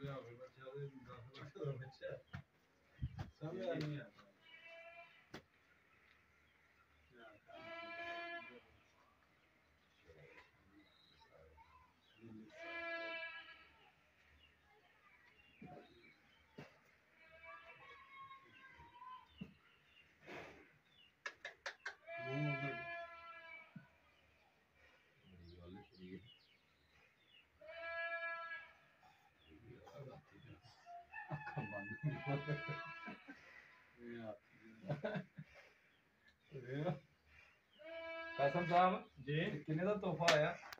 buraya, buraya çalayım. Sen mi yani? ਕਸਮ ਸਾਹਿਬ ਜੀ ਕਿੰਨੇ ਦਾ ਤੋਹਫਾ ਆਇਆ